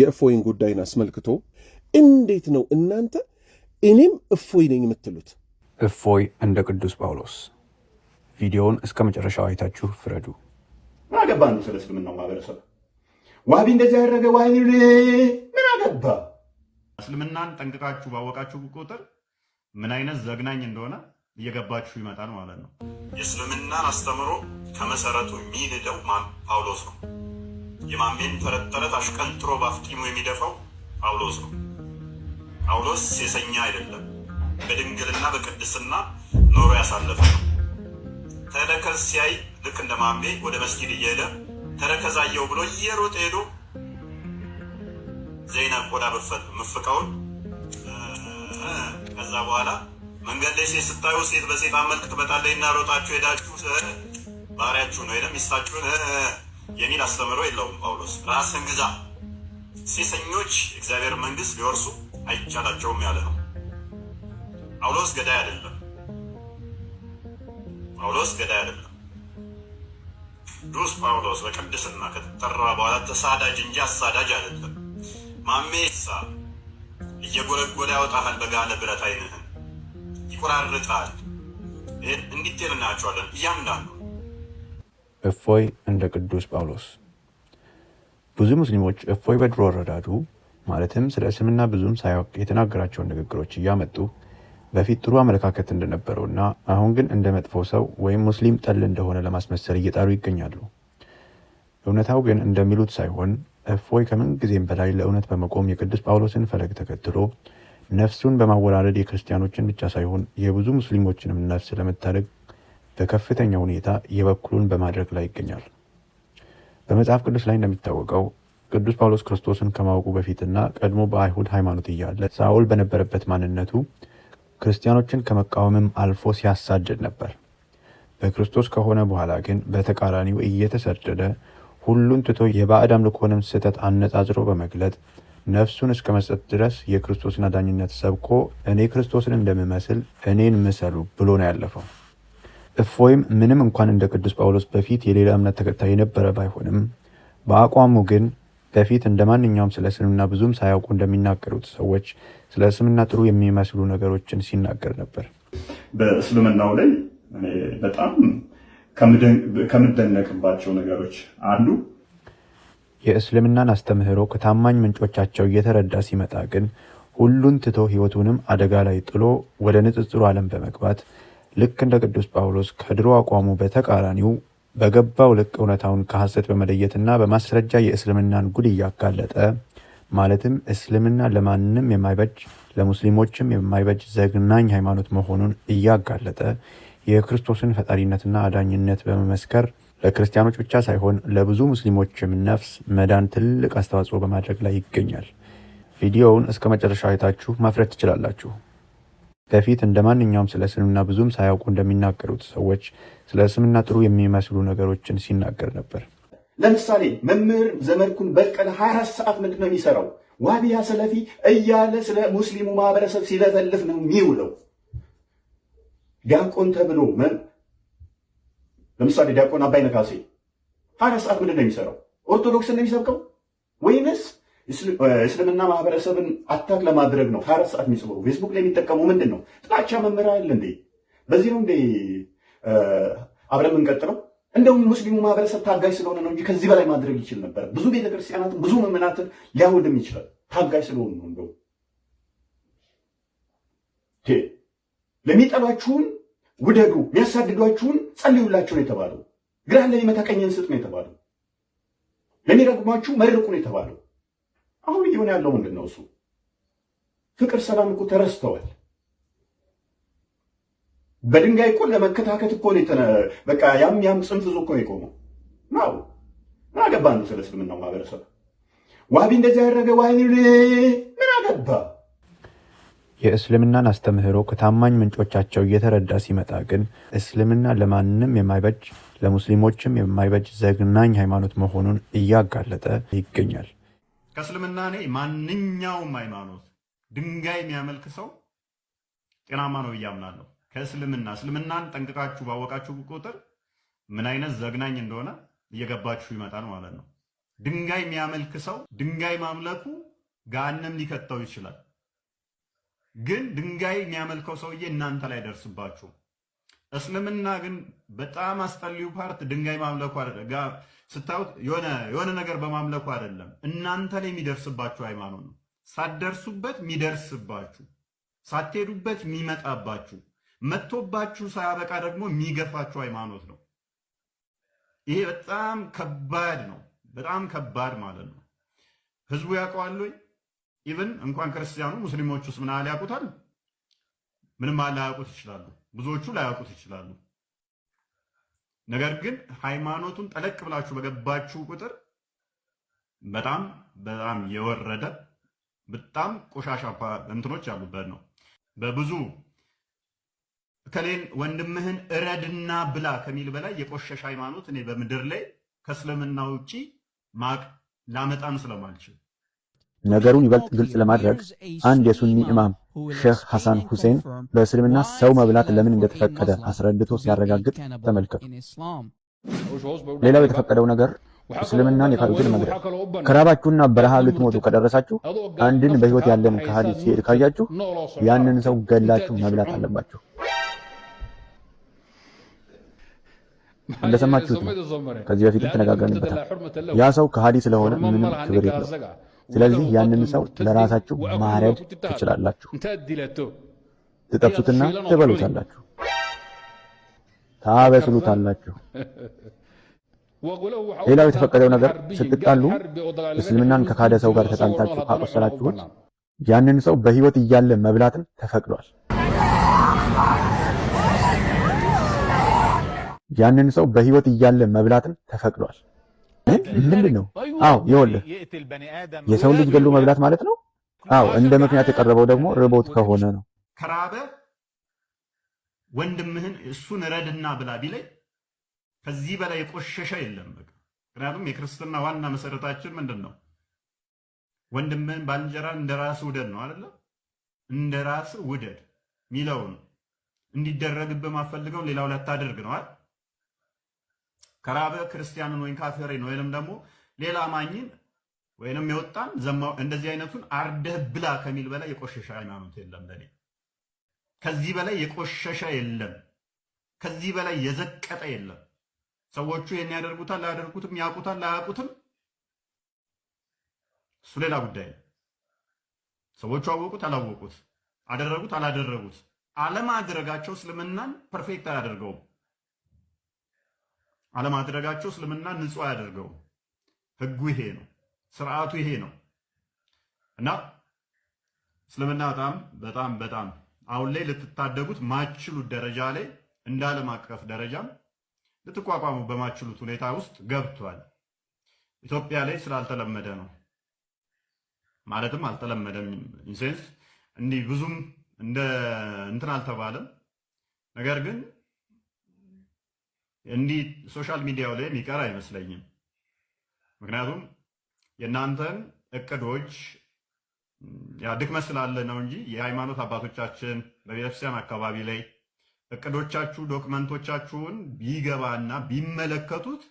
የእፎይን ጉዳይን አስመልክቶ እንዴት ነው እናንተ እኔም እፎይ ነኝ የምትሉት? እፎይ እንደ ቅዱስ ጳውሎስ። ቪዲዮውን እስከ መጨረሻው አይታችሁ ፍረዱ። ምን አገባ ነው ስለ እስልምናው ማህበረሰብ ዋቢ እንደዚህ ያደረገ ዋ ምን አገባ? እስልምናን ጠንቅቃችሁ ባወቃችሁ ቁጥር ምን አይነት ዘግናኝ እንደሆነ እየገባችሁ ይመጣል ማለት ነው። የእስልምናን አስተምሮ ከመሰረቱ የሚንደው ማን ጳውሎስ ነው። የማሜን ተረት ተረት አሽቀንጥሮ ባፍጢሙ የሚደፋው ጳውሎስ ነው። ጳውሎስ ሴሰኛ አይደለም። በድንግልና በቅድስና ኖሮ ያሳለፈ ነው። ተረከዝ ሲያይ ልክ እንደ ማሜ ወደ መስጊድ እየሄደ ተረከዛየው ብሎ እየሮጠ ሄዶ ዜና ቆዳ ምፍቀውን ከዛ በኋላ መንገድ ላይ ሴት ስታዩ ሴት በሴት አመልክ ትመጣለች እና ሮጣችሁ ሄዳችሁ ባህሪያችሁ ነው ሚስታችሁን የሚል አስተምሮ የለውም ጳውሎስ። ራስን ግዛ፣ ሴሰኞች እግዚአብሔር መንግሥት ሊወርሱ አይቻላቸውም ያለ ነው። ጳውሎስ ገዳይ አይደለም። ጳውሎስ ገዳይ አይደለም። ቅዱስ ጳውሎስ በቅድስና ከተጠራ በኋላ ተሳዳጅ እንጂ አሳዳጅ አይደለም። ማሜሳ እየጎለጎለ ያወጣሃል፣ በጋለ ብረት አይንህን ይቆራርጣል። እንዲቴል እናያቸዋለን እያንዳንዱ እፎይ እንደ ቅዱስ ጳውሎስ። ብዙ ሙስሊሞች እፎይ በድሮ አረዳዱ ማለትም ስለ እስልምና ብዙም ሳያውቅ የተናገራቸውን ንግግሮች እያመጡ በፊት ጥሩ አመለካከት እንደነበረው እና አሁን ግን እንደ መጥፎ ሰው ወይም ሙስሊም ጠል እንደሆነ ለማስመሰል እየጣሩ ይገኛሉ። እውነታው ግን እንደሚሉት ሳይሆን እፎይ ከምን ጊዜም በላይ ለእውነት በመቆም የቅዱስ ጳውሎስን ፈለግ ተከትሎ ነፍሱን በማወራረድ የክርስቲያኖችን ብቻ ሳይሆን የብዙ ሙስሊሞችንም ነፍስ ለመታደግ በከፍተኛ ሁኔታ የበኩሉን በማድረግ ላይ ይገኛል። በመጽሐፍ ቅዱስ ላይ እንደሚታወቀው ቅዱስ ጳውሎስ ክርስቶስን ከማወቁ በፊትና ቀድሞ በአይሁድ ሃይማኖት እያለ ሳውል በነበረበት ማንነቱ ክርስቲያኖችን ከመቃወምም አልፎ ሲያሳድድ ነበር። በክርስቶስ ከሆነ በኋላ ግን በተቃራኒው እየተሰደደ ሁሉን ትቶ የባዕድ አምልኮንም ስህተት አነጻጽሮ በመግለጥ ነፍሱን እስከ መስጠት ድረስ የክርስቶስን አዳኝነት ሰብኮ እኔ ክርስቶስን እንደምመስል እኔን ምሰሉ ብሎ ነው ያለፈው። እፎይም ምንም እንኳን እንደ ቅዱስ ጳውሎስ በፊት የሌላ እምነት ተከታይ የነበረ ባይሆንም በአቋሙ ግን በፊት እንደ ማንኛውም ስለ እስልምና ብዙም ሳያውቁ እንደሚናገሩት ሰዎች ስለ እስልምና ጥሩ የሚመስሉ ነገሮችን ሲናገር ነበር። በእስልምናው ላይ በጣም ከምደነቅባቸው ነገሮች አንዱ የእስልምናን አስተምህሮ ከታማኝ ምንጮቻቸው እየተረዳ ሲመጣ ግን ሁሉን ትቶ ሕይወቱንም አደጋ ላይ ጥሎ ወደ ንጽጽሩ ዓለም በመግባት ልክ እንደ ቅዱስ ጳውሎስ ከድሮ አቋሙ በተቃራኒው በገባው ልክ እውነታውን ከሐሰት በመለየትና በማስረጃ የእስልምናን ጉድ እያጋለጠ ማለትም እስልምና ለማንም የማይበጅ ለሙስሊሞችም የማይበጅ ዘግናኝ ሃይማኖት መሆኑን እያጋለጠ የክርስቶስን ፈጣሪነትና አዳኝነት በመመስከር ለክርስቲያኖች ብቻ ሳይሆን ለብዙ ሙስሊሞችም ነፍስ መዳን ትልቅ አስተዋጽኦ በማድረግ ላይ ይገኛል። ቪዲዮውን እስከ መጨረሻ አይታችሁ ማፍረት ትችላላችሁ። በፊት እንደማንኛውም ስለ እስልምና ብዙም ሳያውቁ እንደሚናገሩት ሰዎች ስለ እስልምና ጥሩ የሚመስሉ ነገሮችን ሲናገር ነበር። ለምሳሌ መምህር ዘመድኩን በቀለ 24 ሰዓት ምንድን ነው የሚሰራው? ዋቢያ ሰለፊ እያለ ስለ ሙስሊሙ ማህበረሰብ ሲለፈልፍ ነው የሚውለው። ዲያቆን ተብሎ ለምሳሌ ዲያቆን አባይ ነካሴ 24 ሰዓት ምንድን ነው የሚሰራው? ኦርቶዶክስን ነው የሚሰብከው ወይንስ እስልምና ማህበረሰብን አታክ ለማድረግ ነው ከአራት ሰዓት የሚጽፈው ፌስቡክ ላይ የሚጠቀሙ ምንድን ነው ጥላቻ መመሪያ አለ እንዴ? በዚህ ነው እንዴ አብረን የምንቀጥለው? እንደውም ሙስሊሙ ማህበረሰብ ታጋይ ስለሆነ ነው እንጂ ከዚህ በላይ ማድረግ ይችል ነበር። ብዙ ቤተክርስቲያናትን ብዙ ምዕመናትን ሊያወድም ይችላል። ታጋይ ስለሆኑ ነው። እንደው ለሚጠሏችሁን ውደዱ፣ የሚያሳድዷችሁን ጸልዩላቸው ነው የተባለው። ግራህን ለሚመታ ቀኝን ስጥ ነው የተባለው። ለሚረግሟችሁ መርቁ ነው የተባለው። አሁን እየሆነ ያለው ምንድን ነው? እሱ ፍቅር፣ ሰላም እኮ ተረስተዋል። በድንጋይ እኮ ለመከታከት እኮ በቃ ያም ያም ጽንፍ እኮ የቆመው ናው ምን አገባ ነው ስለ እስልምናው ማህበረሰብ እንደዚህ ያደረገ ዋህቢ ምን አገባ? የእስልምናን አስተምህሮ ከታማኝ ምንጮቻቸው እየተረዳ ሲመጣ ግን እስልምና ለማንም የማይበጅ ለሙስሊሞችም የማይበጅ ዘግናኝ ሃይማኖት መሆኑን እያጋለጠ ይገኛል። ከእስልምና እኔ ማንኛውም ሃይማኖት ድንጋይ የሚያመልክ ሰው ጤናማ ነው እያምናለሁ። ከእስልምና እስልምናን ጠንቅቃችሁ ባወቃችሁ ቁጥር ምን አይነት ዘግናኝ እንደሆነ እየገባችሁ ይመጣል ማለት ነው። ድንጋይ የሚያመልክ ሰው ድንጋይ ማምለኩ ጋንም ሊከተው ይችላል። ግን ድንጋይ የሚያመልከው ሰውዬ እናንተ ላይ ደርስባችሁ እስልምና ግን በጣም አስጠሊው ፓርት ድንጋይ ማምለኩ ስታዩት የሆነ ነገር በማምለኩ አይደለም፣ እናንተ ላይ የሚደርስባችሁ ሃይማኖት ነው። ሳትደርሱበት የሚደርስባችሁ፣ ሳትሄዱበት የሚመጣባችሁ፣ መጥቶባችሁ ሳያበቃ ደግሞ የሚገፋችሁ ሃይማኖት ነው። ይሄ በጣም ከባድ ነው። በጣም ከባድ ማለት ነው። ህዝቡ ያውቀዋል ወይ? ኢቭን እንኳን ክርስቲያኑ ሙስሊሞች ውስጥ ምን ያህል ያውቁታል? ምንም አላያውቁት ይችላሉ። ብዙዎቹ ላያውቁት ይችላሉ። ነገር ግን ሃይማኖቱን ጠለቅ ብላችሁ በገባችሁ ቁጥር በጣም በጣም የወረደ በጣም ቆሻሻ እንትኖች ያሉበት ነው። በብዙ ከሌን ወንድምህን እረድና ብላ ከሚል በላይ የቆሸሽ ሃይማኖት እኔ በምድር ላይ ከእስልምና ውጪ ማቅ ላመጣም ስለማልችል ነገሩን ይበልጥ ግልጽ ለማድረግ አንድ የሱኒ ኢማም ሼህ ሐሳን ሁሴን በእስልምና ሰው መብላት ለምን እንደተፈቀደ አስረድቶ ሲያረጋግጥ ተመልከቱ። ሌላው የተፈቀደው ነገር እስልምናን የካዱትን መግደል። ከራባችሁና በረሃ ልትሞቱ ከደረሳችሁ አንድን በህይወት ያለን ከሃዲ ሲሄድ ካያችሁ ያንን ሰው ገላችሁ መብላት አለባችሁ። እንደሰማችሁት ነው። ከዚህ በፊትም ተነጋግረንበታል። ያ ሰው ከሃዲ ስለሆነ ምንም ክብር የለው ስለዚህ ያንን ሰው ለራሳችሁ ማረድ ትችላላችሁ፣ ትጠብሱትና ትበሉታላችሁ፣ ታበስሉታላችሁ። ሌላው የተፈቀደው ነገር ስትጣሉ እስልምናን ከካደ ሰው ጋር ተጣልታችሁ ካቆሰላችሁት ያንን ሰው በሕይወት እያለ መብላትን ተፈቅዷል። ያንን ሰው በሕይወት እያለ መብላትን ተፈቅዷል። ምንድን ነው? አዎ ይኸውልህ የሰው ልጅ ገሎ መብላት ማለት ነው። አዎ እንደ ምክንያት የቀረበው ደግሞ ርቦት ከሆነ ነው። ከራበ ወንድምህን እሱን ረድና ብላ ቢለይ ከዚህ በላይ የቆሸሸ የለም። ምክንያቱም የክርስትና ዋና መሰረታችን ምንድን ነው? ወንድምህን ባንጀራ እንደ ራስ ውደድ ነው አይደለ? እንደ ራስ ውደድ ሚለውን እንዲደረግብህ ማፈልገው ሌላው ላታደርግ ነው አይደል? ከራበ ክርስቲያንን ወይም ካፌሬን ወይንም ደግሞ ሌላ አማኝን ወይንም የወጣን ዘማው እንደዚህ አይነቱን አርደህ ብላ ከሚል በላይ የቆሸሸ ሃይማኖት የለም። ለኔ ከዚህ በላይ የቆሸሸ የለም። ከዚህ በላይ የዘቀጠ የለም። ሰዎቹ ይህን ያደርጉታል፣ አያደርጉትም፣ ያውቁታል፣ አያውቁትም፣ እሱ ሌላ ጉዳይ ነው። ሰዎቹ አወቁት፣ አላወቁት፣ አደረጉት፣ አላደረጉት፣ አለማድረጋቸው እስልምናን ፐርፌክት አያደርገውም። አለማድረጋቸው እስልምና ንጹህ አያደርገውም። ህጉ ይሄ ነው፣ ስርዓቱ ይሄ ነው እና እስልምና በጣም በጣም በጣም አሁን ላይ ልትታደጉት ማችሉት ደረጃ ላይ እንደ ዓለም አቀፍ ደረጃም ልትቋቋሙ በማችሉት ሁኔታ ውስጥ ገብቷል። ኢትዮጵያ ላይ ስላልተለመደ ነው። ማለትም አልተለመደም ኢንሴንስ እንዲህ ብዙም እንደ እንትን አልተባለም ነገር ግን እንዲህ ሶሻል ሚዲያው ላይ የሚቀር አይመስለኝም። ምክንያቱም የእናንተን እቅዶች ያ ስላለ ነው እንጂ የሃይማኖት አባቶቻችን በቤተክርስቲያን አካባቢ ላይ እቅዶቻችሁ ዶክመንቶቻችሁን ቢገባና ቢመለከቱት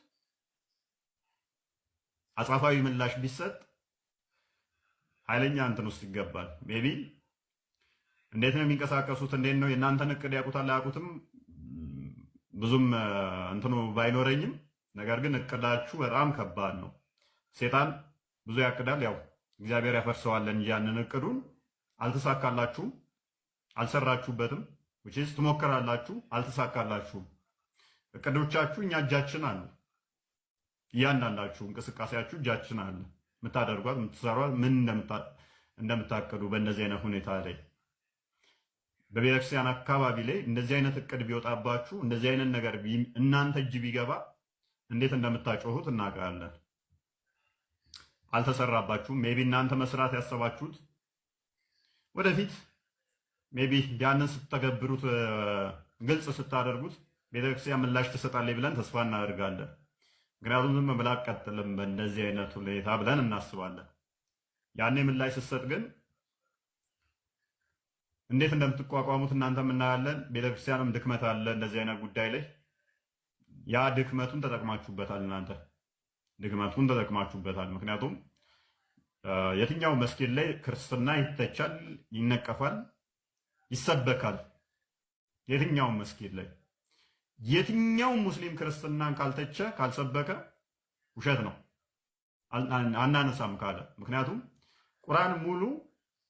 አጻፋዊ ምላሽ ቢሰጥ ኃይለኛ እንትን ውስጥ ይገባል። ሜቢ እንዴት ነው የሚንቀሳቀሱት? እንዴት ነው የእናንተን እቅድ ያውቁታል አያውቁትም ብዙም እንትኑ ባይኖረኝም ነገር ግን እቅዳችሁ በጣም ከባድ ነው። ሴጣን ብዙ ያቅዳል፣ ያው እግዚአብሔር ያፈርሰዋለን። ያንን እቅዱን አልተሳካላችሁም፣ አልሰራችሁበትም። ውጪስ ትሞክራላችሁ፣ አልተሳካላችሁም። እቅዶቻችሁ እኛ እጃችን አሉ። እያንዳንዳችሁ እንቅስቃሴያችሁ እጃችን አለ። የምታደርጓት የምትሰሯት ምን እንደምታቅዱ በእነዚህ አይነት ሁኔታ ላይ በቤተክርስቲያን አካባቢ ላይ እንደዚህ አይነት እቅድ ቢወጣባችሁ እንደዚህ አይነት ነገር እናንተ እጅ ቢገባ እንዴት እንደምታጮሁት እናውቃለን። አልተሰራባችሁም። ሜቢ እናንተ መስራት ያሰባችሁት ወደፊት ሜቢ ያንን ስትተገብሩት ግልጽ ስታደርጉት ቤተክርስቲያን ምላሽ ትሰጣለች ብለን ተስፋ እናደርጋለን። ምክንያቱም ዝም ብላ አትቀጥልም በእንደዚህ አይነት ሁኔታ ብለን እናስባለን። ያኔ ምላሽ ስትሰጥ ግን እንዴት እንደምትቋቋሙት እናንተም እናያለን። ቤተክርስቲያንም ድክመት አለ እንደዚህ አይነት ጉዳይ ላይ ያ ድክመቱን ተጠቅማችሁበታል። እናንተ ድክመቱን ተጠቅማችሁበታል። ምክንያቱም የትኛው መስጊድ ላይ ክርስትና ይተቻል፣ ይነቀፋል፣ ይሰበካል? የትኛው መስጊድ ላይ የትኛው ሙስሊም ክርስትናን ካልተቸ ካልሰበከ ውሸት ነው አናነሳም ካለ ምክንያቱም ቁርአን ሙሉ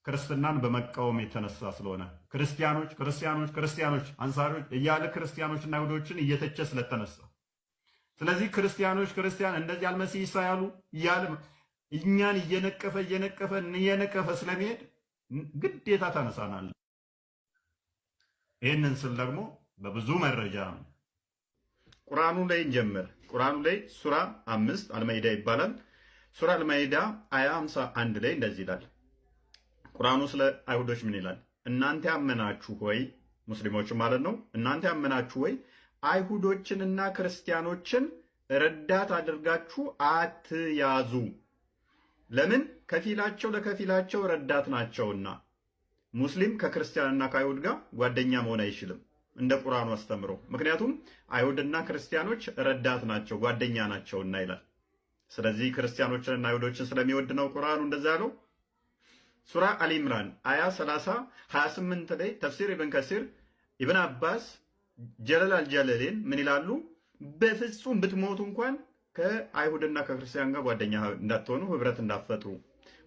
ክርስትናን በመቃወም የተነሳ ስለሆነ ክርስቲያኖች ክርስቲያኖች ክርስቲያኖች አንሳሮች እያለ ክርስቲያኖችና ይሁዶችን እየተቸ ስለተነሳ ስለዚህ ክርስቲያኖች ክርስቲያን እንደዚህ አልመሲህ ኢሳ ያሉ እያለ እኛን እየነቀፈ እየነቀፈ እየነቀፈ ስለሚሄድ ግዴታ ተነሳናል። ይህንን ስል ደግሞ በብዙ መረጃ ነው። ቁርአኑ ላይ እንጀምር። ቁርአኑ ላይ ሱራ አምስት አልማይዳ ይባላል። ሱራ አልማይዳ አያ አንድ ላይ እንደዚህ ይላል ቁርአኑ ስለ አይሁዶች ምን ይላል? እናንተ ያመናችሁ ሆይ ሙስሊሞች ማለት ነው። እናንተ ያመናችሁ ሆይ አይሁዶችንና ክርስቲያኖችን ረዳት አድርጋችሁ አትያዙ። ለምን? ከፊላቸው ለከፊላቸው ረዳት ናቸውና። ሙስሊም ከክርስቲያንና ከአይሁድ ጋር ጓደኛ መሆን አይችልም እንደ ቁርአኑ አስተምሮ። ምክንያቱም አይሁድና ክርስቲያኖች ረዳት ናቸው ጓደኛ ናቸውና ይላል። ስለዚህ ክርስቲያኖችንና አይሁዶችን ስለሚወድ ነው ቁርአኑ እንደዛ ያለው። ሱራ አሊምራን አያ 30 28 ላይ ተፍሲር ኢብን ከሲር ኢብን አባስ ጀለል አልጀለሌን ምን ይላሉ? በፍጹም ብትሞቱ እንኳን ከአይሁድና ከክርስቲያን ጋር ጓደኛ እንዳትሆኑ፣ ህብረት እንዳትፈጥሩ።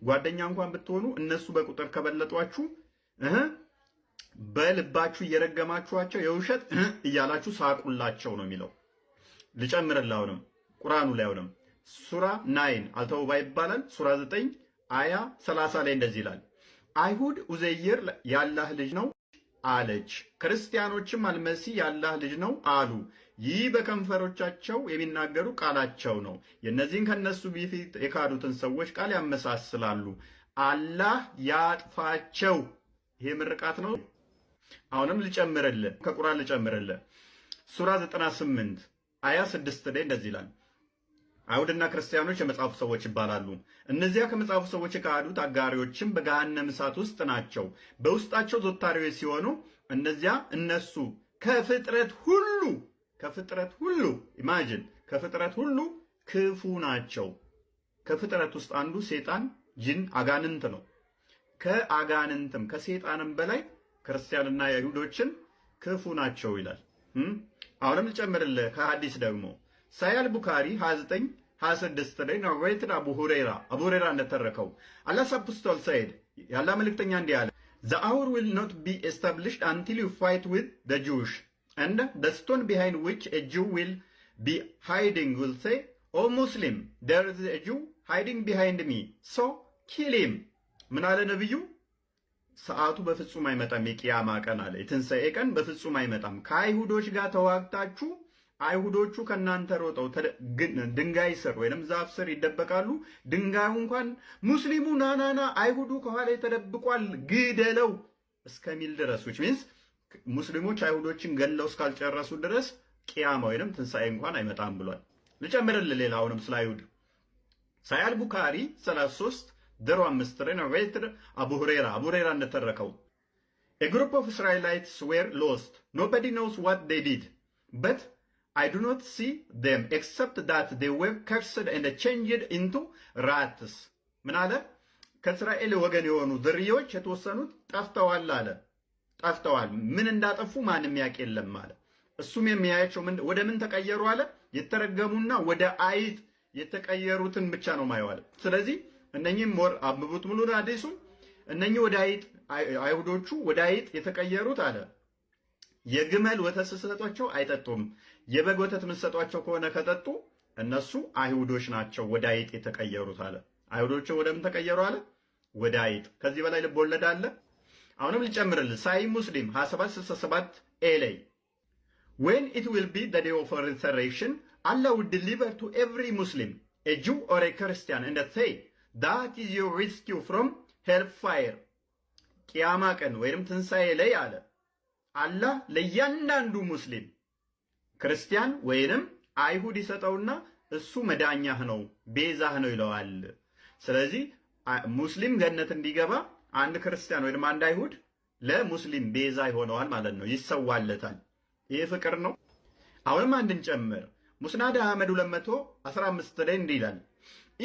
ጓደኛ እንኳን ብትሆኑ እነሱ በቁጥር ከበለጧችሁ እህ በልባችሁ እየረገማችኋቸው የውሸት እያላችሁ ሳቁላቸው ነው የሚለው። ልጨምርልህ አሁንም ቁርአኑ ላይ አሁንም ሱራ ናይን አልተውባ ይባላል ሱራ 9 አያ 30 ላይ እንደዚህ ይላል፣ አይሁድ ኡዘይር ያላህ ልጅ ነው አለች፣ ክርስቲያኖችም አልመሲህ ያላህ ልጅ ነው አሉ። ይህ በከንፈሮቻቸው የሚናገሩ ቃላቸው ነው። የእነዚህን ከነሱ በፊት የካዱትን ሰዎች ቃል ያመሳስላሉ። አላህ ያጥፋቸው። ይሄ ምርቃት ነው። አሁንም ልጨምርልህ፣ ከቁርአን ልጨምርልህ ሱራ 98 አያ 6 ላይ እንደዚህ ይላል አይሁድና ክርስቲያኖች የመጽሐፉ ሰዎች ይባላሉ። እነዚያ ከመጽሐፉ ሰዎች የካዱት አጋሪዎችም በገሃነም እሳት ውስጥ ናቸው። በውስጣቸው ዞታሪዎች ሲሆኑ እነዚያ እነሱ ከፍጥረት ሁሉ ከፍጥረት ሁሉ ኢማጅን ከፍጥረት ሁሉ ክፉ ናቸው። ከፍጥረት ውስጥ አንዱ ሴጣን፣ ጅን፣ አጋንንት ነው። ከአጋንንትም ከሴጣንም በላይ ክርስቲያንና አይሁዶችን ክፉ ናቸው ይላል። አሁንም ልጨምርልህ ከሐዲስ ደግሞ ሳያል ቡካሪ 29 26 ላይ ነወይትን አቡ ሁረይራ አቡ ሁረይራ እንደተረከው አላ አፖስቶል ሰይድ ያላ መልእክተኛ እንዲህ አለ ዘ አውር ዊል ኖት ቢ ኤስታብሊሽድ አንቲል ዩ ፋይት ዊዝ ዘ ጁሽ ኤንድ ዘ ስቶን ቢሃይንድ ዊች ኤ ጁ ዊል ቢ ሃይዲንግ ዊል ሴ ኦ ሙስሊም ዴር ኢዝ ኤ ጁ ሃይዲንግ ቢሃይንድ ሚ ሶ ኪል ሂም ምን አለ ነብዩ ሰዓቱ በፍጹም አይመጣም የቅያማ ቀን አለ የትንሣኤ ቀን በፍጹም አይመጣም ከአይሁዶች ጋር ተዋግታችሁ አይሁዶቹ ከእናንተ ሮጠው ድንጋይ ስር ወይም ዛፍ ስር ይደበቃሉ። ድንጋዩ እንኳን ሙስሊሙ ናናና አይሁዱ ከኋላ ተደብቋል ግደለው እስከሚል ድረስ ዊች ሚንስ ሙስሊሞች አይሁዶችን ገለው እስካልጨረሱ ድረስ ቅያማ ወይም ትንሣኤ እንኳን አይመጣም ብሏል። ልጨምርልህ ሌላ አሁንም ስለ አይሁድ ሳያል ቡካሪ 33 ድሮ አምስት ሬን ሬትር አቡ ሁሬራ አቡ ሁሬራ እንደተረከው ኤ ግሩፕ ኦፍ እስራኤላይትስ ዌር ሎስት ኖበዲ ኖውስ ዋት ዴይ ዲድ በት I do not see them except that they were cursed and changed into rats ምን አለ? ከእስራኤል ወገን የሆኑ ዝርያዎች የተወሰኑት ጠፍተዋል አለ። ጠፍተዋል ምን እንዳጠፉ ማንም ያውቅ የለም አለ። እሱም የሚያያቸው ወደ ምን ተቀየሩ አለ? የተረገሙና ወደ አይጥ የተቀየሩትን ብቻ ነው ማየዋል። ስለዚህ እነኚህም ወር አብቡት ሙሉን አዲሱን እነኚህ ወደ አይጥ አይሁዶቹ ወደ አይጥ የተቀየሩት አለ የግመል ወተት ስትሰጧቸው አይጠጡም። የበግ ወተት የምትሰጧቸው ከሆነ ከጠጡ እነሱ አይሁዶች ናቸው፣ ወደ አይጥ የተቀየሩት አለ። አይሁዶቹ ወደምን ተቀየሩ አለ? ወደ አይጥ። ከዚህ በላይ ልብ ወለድ አለ? አሁንም ልጨምርል። ሳይ ሙስሊም 2767 ኤ ላይ ዌን ኢት ዊል ቢ ዴይ ኦፍ ሪዘሬክሽን አላህ ውድ ሊቨር ቱ ኤቭሪ ሙስሊም ኤ ጁ ኦር ኤ ክርስቲያን እንደ ሴይ ዳት ኢዝ ዮር ሪስኪው ፍሮም ሄልፋየር ቂያማ ቀን ወይም ትንሣኤ ላይ አለ አላህ ለእያንዳንዱ ሙስሊም ክርስቲያን ወይንም አይሁድ ይሰጠውና እሱ መዳኛህ ነው ቤዛህ ነው ይለዋል። ስለዚህ ሙስሊም ገነት እንዲገባ አንድ ክርስቲያን ወይንም አንድ አይሁድ ለሙስሊም ቤዛ ይሆነዋል ማለት ነው፣ ይሰዋለታል። ይህ ፍቅር ነው። አሁንም አንድን ጨምር ሙስናድ አህመድ 215 ላይ እንዲህ ይላል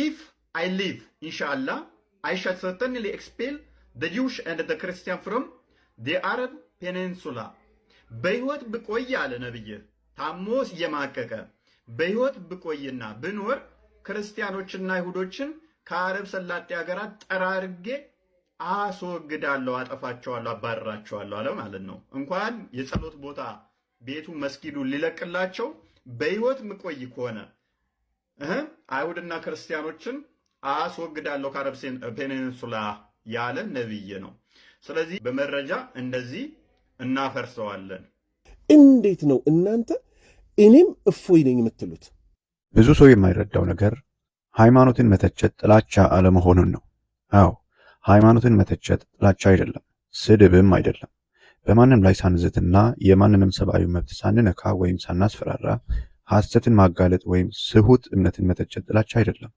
ኢፍ አይ ሊቭ ኢንሻአላህ አይ ሻል ሰርተንሊ ኤክስፔል ዘ ጂውስ ኤንድ ዘ ክርስቲያን ፍሮም ዘ አረብ ፔኔንሱላ በሕይወት ብቆይ አለ ነብይ ታሞስ እየማቀቀ በሕይወት ብቆይና ብኖር ክርስቲያኖችና አይሁዶችን ከአረብ ሰላጤ ሀገራት ጠራርጌ አስወግዳለሁ፣ አጠፋቸዋለሁ፣ አባረራቸዋለሁ አለ ማለት ነው። እንኳን የጸሎት ቦታ ቤቱ መስጊዱ ሊለቅላቸው በሕይወት ምቆይ ከሆነ አይሁድና ክርስቲያኖችን አስወግዳለሁ ከአረብ ፔኔንሱላ ያለ ነብይ ነው። ስለዚህ በመረጃ እንደዚህ እናፈርሰዋለን። እንዴት ነው እናንተ እኔም እፎይ ነኝ የምትሉት? ብዙ ሰው የማይረዳው ነገር ሃይማኖትን መተቸት ጥላቻ አለመሆኑን ነው። አዎ ሃይማኖትን መተቸት ጥላቻ አይደለም፣ ስድብም አይደለም። በማንም ላይ ሳንዝትና የማንንም ሰብአዊ መብት ሳንነካ ወይም ሳናስፈራራ ሐሰትን ማጋለጥ ወይም ስሁት እምነትን መተቸት ጥላቻ አይደለም፣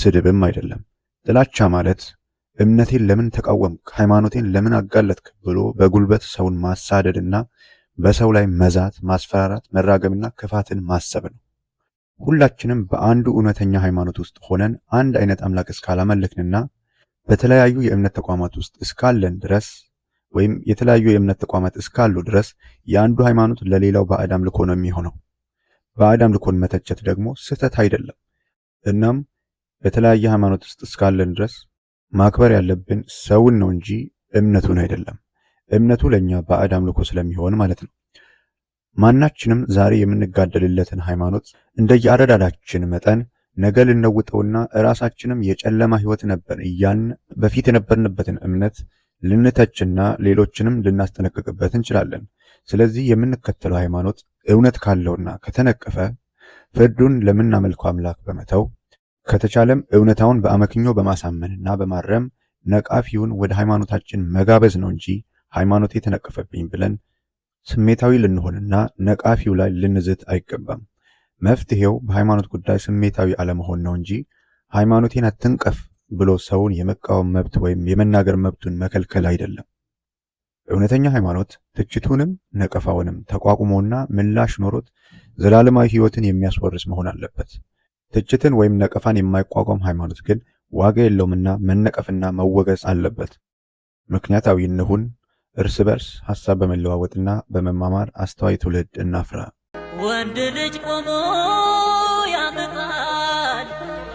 ስድብም አይደለም። ጥላቻ ማለት እምነቴን ለምን ተቃወምክ? ሃይማኖቴን ለምን አጋለጥክ? ብሎ በጉልበት ሰውን ማሳደድና በሰው ላይ መዛት፣ ማስፈራራት፣ መራገምና ክፋትን ማሰብ ነው። ሁላችንም በአንዱ እውነተኛ ሃይማኖት ውስጥ ሆነን አንድ አይነት አምላክ እስካላመለክንና በተለያዩ የእምነት ተቋማት ውስጥ እስካለን ድረስ ወይም የተለያዩ የእምነት ተቋማት እስካሉ ድረስ የአንዱ ሃይማኖት ለሌላው ባዕድ አምልኮ ነው የሚሆነው። ባዕድ አምልኮን መተቸት ደግሞ ስህተት አይደለም። እናም በተለያየ ሃይማኖት ውስጥ እስካለን ድረስ ማክበር ያለብን ሰውን ነው እንጂ እምነቱን አይደለም። እምነቱ ለእኛ ባዕድ አምልኮ ስለሚሆን ማለት ነው። ማናችንም ዛሬ የምንጋደልለትን ሃይማኖት እንደየአረዳዳችን መጠን ነገ ልነውጠውና እራሳችንም የጨለማ ህይወት ነበር እያልን በፊት የነበርንበትን እምነት ልንተችና ሌሎችንም ልናስጠነቅቅበት እንችላለን። ስለዚህ የምንከተለው ሃይማኖት እውነት ካለውና ከተነቀፈ ፍርዱን ለምናመልከው አምላክ በመተው ከተቻለም እውነታውን በአመክኞ በማሳመን እና በማረም ነቃፊውን ወደ ሃይማኖታችን መጋበዝ ነው እንጂ ሃይማኖቴ ተነቀፈብኝ ብለን ስሜታዊ ልንሆንና ነቃፊው ላይ ልንዝት አይገባም። መፍትሄው በሃይማኖት ጉዳይ ስሜታዊ አለመሆን ነው እንጂ ሃይማኖቴን አትንቀፍ ብሎ ሰውን የመቃወም መብት ወይም የመናገር መብቱን መከልከል አይደለም። እውነተኛ ሃይማኖት ትችቱንም ነቀፋውንም ተቋቁሞና ምላሽ ኖሮት ዘላለማዊ ሕይወትን የሚያስወርስ መሆን አለበት። ትችትን ወይም ነቀፋን የማይቋቋም ሃይማኖት ግን ዋጋ የለውምና መነቀፍና መወገዝ አለበት። ምክንያታዊ እንሁን፣ እርስ በርስ ሀሳብ በመለዋወጥና በመማማር አስተዋይ ትውልድ እናፍራ። ወንድ ልጅ ቆሞ ያመጣል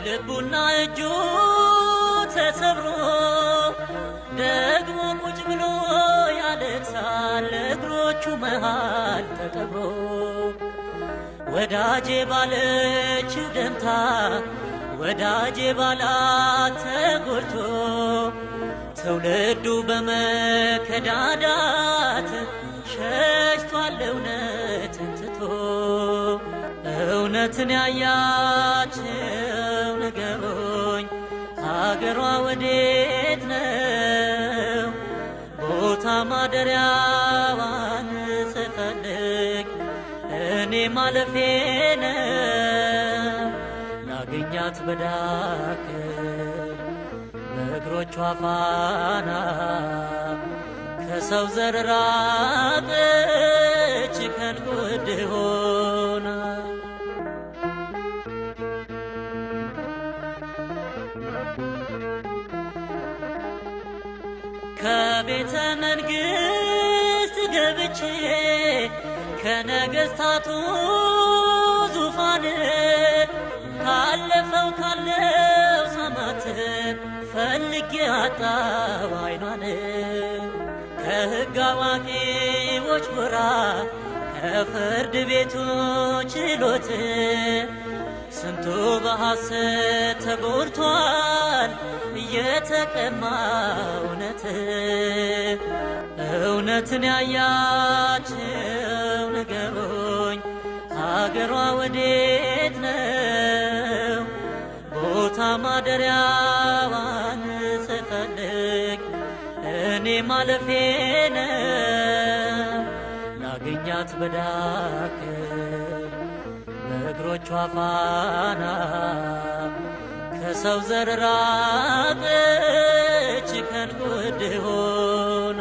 ልቡና እጁ ተሰብሮ ደግሞ ቁጭ ብሎ ያለቅሳል እግሮቹ መሃል ተቀብሮ ወዳጄ ባለች ደንታ ወዳጄ ባላት ተጎድቶ ትውልዱ በመከዳዳት ሸሽቷል እውነትን ትቶ እውነትን ያያችው ንገሩኝ፣ ሀገሯ ወዴት ነው ቦታ ማደሪያ ማለፌነ ላገኛት በዳክ በእግሮቿ ፋና ከሰው ዘር ራቀች ከንጉድ ሆና ከቤተ መንግሥት ገብቼ ከነገስታቱ ዙፋን ካለፈው ካለው ሰማት ፈልጌ አጣው አይኗን ከህግ አዋቂዎች ጎራ ከፍርድ ቤቱ ችሎት ስንቱ በሐሰት ተጎድቷል። የተቀማ እውነት እውነትን ያያችሁ ንገሩኝ፣ ሀገሯ ወዴት ነው? ቦታ ማደሪያዋን ስፈልግ እኔ ማለፌ ነው። ላገኛት በዳክ በእግሮቿ ፋና ከሰው ዘር ራቀች ከንጉድ ሆና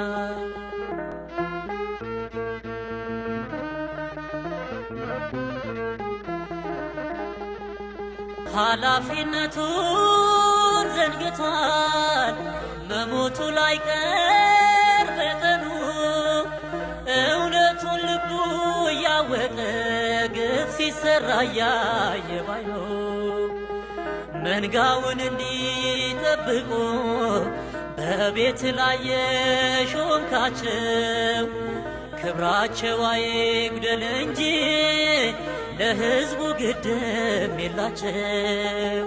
ኃላፊነቱን ዘንግቷል መሞቱ ላይ ቀር በቀኑ እውነቱን ልቡ እያወቀ ግፍ ሲሰራ እያየ ባይኖ መንጋውን እንዲጠብቁ በቤት ላይ የሾምካቸው ክብራቸው አይጉደል እንጂ ለሕዝቡ ግድም የላቸው።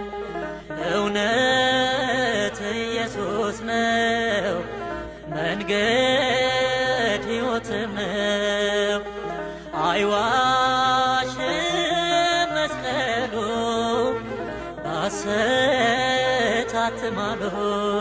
እውነት ኢየሱስ ነው መንገድ ሕይወትም ነው አይዋ tomorrow.